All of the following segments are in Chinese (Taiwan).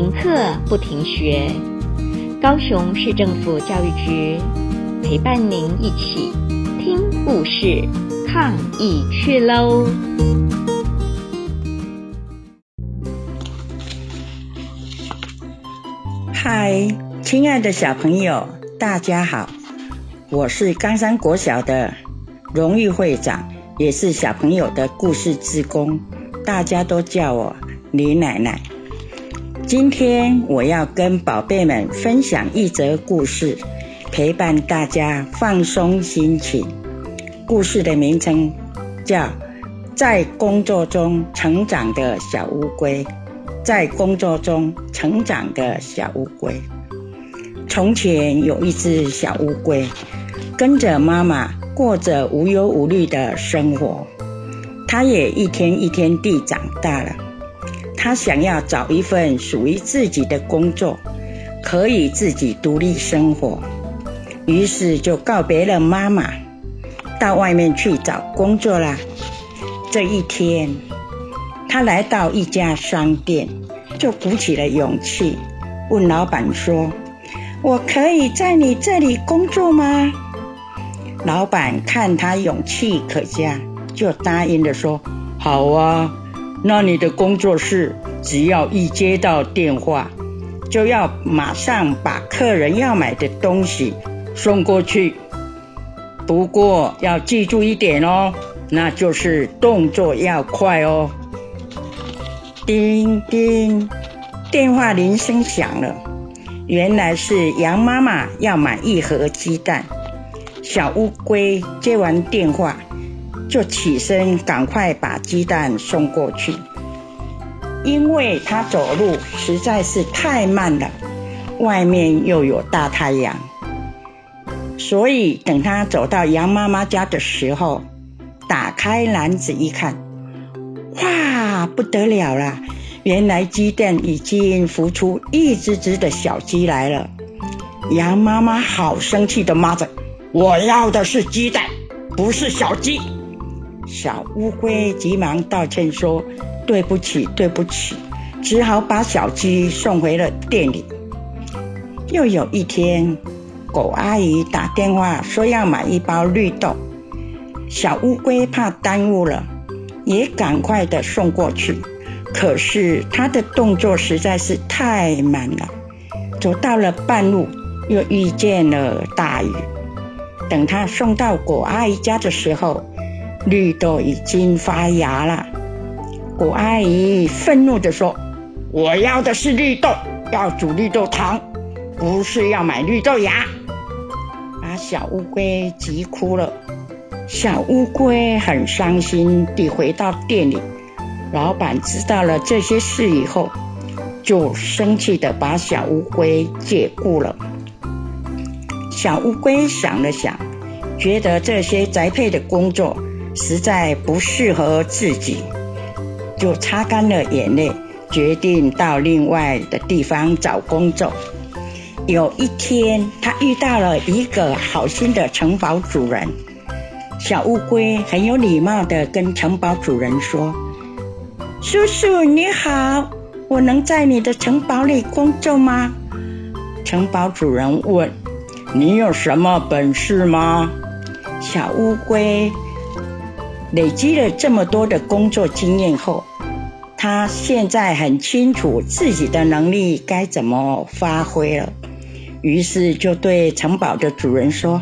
停課不停學，高雄市政府教育局陪伴您一起聽故事、抗疫去嘍！嗨，親愛的小朋友，大家好，我是岡山國小的榮譽會長，也是小朋友的故事志工，大家都叫我李奶奶。今天我要跟寶貝們分享一則故事，陪伴大家放鬆心情。故事的名稱叫《在工作中成長的小烏龜》。在工作中成長的小烏龜。從前有一只小烏龜，跟着媽媽過着無憂無慮的生活。它也一天一天地長大了。他想要找一份屬於自己的工作，可以自己獨立生活，於是就告別了媽媽，到外面去找工作啦。這一天，他來到一家商店，就鼓起了勇氣，問老闆說：“我可以在你這裡工作嗎？”老闆看他勇氣可嘉，就答應了，說：“好啊。”那你的工作是只要一接到電話，就要馬上把客人要買的東西送過去。不過要記住一點哦，那就是動作要快哦。叮叮，電話鈴聲響了，原來是羊媽媽要買一盒雞蛋。小烏龜接完電話。就起身，趕快把雞蛋送過去，因為他走路實在是太慢了，外面又有大太陽，所以等他走到羊媽媽家的時候，打開籃子一看，哇，不得了啦，原來雞蛋已經孵出一隻隻的小雞來了。羊媽媽好生氣的罵着：“我要的是雞蛋，不是小雞。”小烏龜急忙道歉說：“對不起，對不起。”只好把小雞送回了店裡。又有一天，狗阿姨打電話說要買一包綠豆，小烏龜怕耽誤了，也趕快地送過去。可是它的動作實在是太慢了，走到了半路又遇見了大雨。等它送到狗阿姨家的時候，綠豆已經發芽了，古阿姨憤怒地說：“我要的是綠豆，要煮綠豆湯，不是要買綠豆芽。”把小烏龜急哭了。小烏龜很傷心地回到店裡。老板知道了這些事以後，就生氣地把小烏龜解雇了。小烏龜想了想，覺得這些宅配的工作，實在不適合自己，就擦乾了眼淚，決定到另外的地方找工作。有一天，他遇到了一個好心的城堡主人。小烏龜很有禮貌地跟城堡主人說：“叔叔，你好，我能在你的城堡裡工作嗎？”城堡主人問：“你有什麼本事嗎？”小烏龜。累積了這麼多的工作經驗後，他現在很清楚自己的能力該怎麼發揮了。於是就對城堡的主人說：“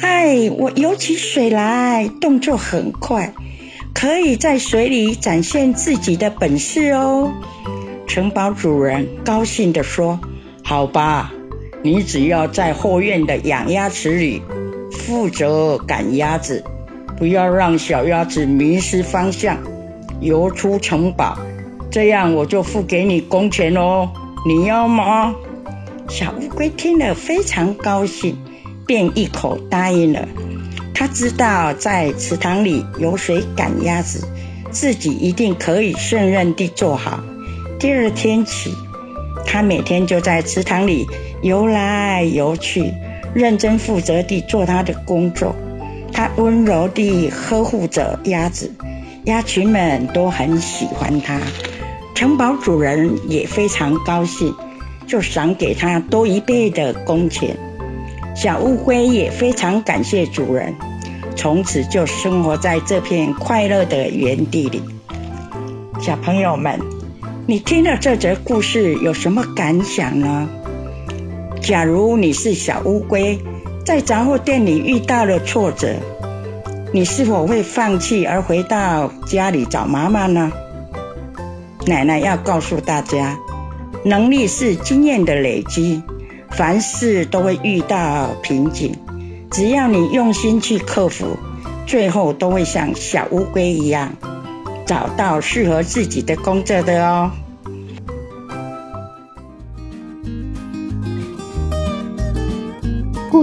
哎，我游起水來動作很快，可以在水裡展現自己的本事哦。”城堡主人高興地說：“好吧，你只要在後院的養鴨池裡負責趕鴨子。”不要讓小鴨子迷失方向，游出城堡，這樣我就付給你工錢嘍、哦。你要嗎？小烏龜聽了非常高興，便一口答應了。他知道在池塘裡游水趕鴨子，自己一定可以勝任地做好。第二天起，他每天就在池塘裡游來游去，認真負責地做他的工作。它溫柔地呵護着鴨子，鴨群們都很喜歡它。城堡主人也非常高興，就賞給它多一倍的工錢。小烏龜也非常感謝主人，從此就生活在這片快樂的園地裡。小朋友們，你聽了這則故事有什麼感想呢？假如你是小烏龜？在雜貨店裡遇到了挫折，你是否會放棄而回到家裡找媽媽呢？奶奶要告訴大家，能力是經驗的累積，凡事都會遇到瓶頸，只要你用心去克服，最後都會像小烏龜一樣，找到適合自己的工作的哦。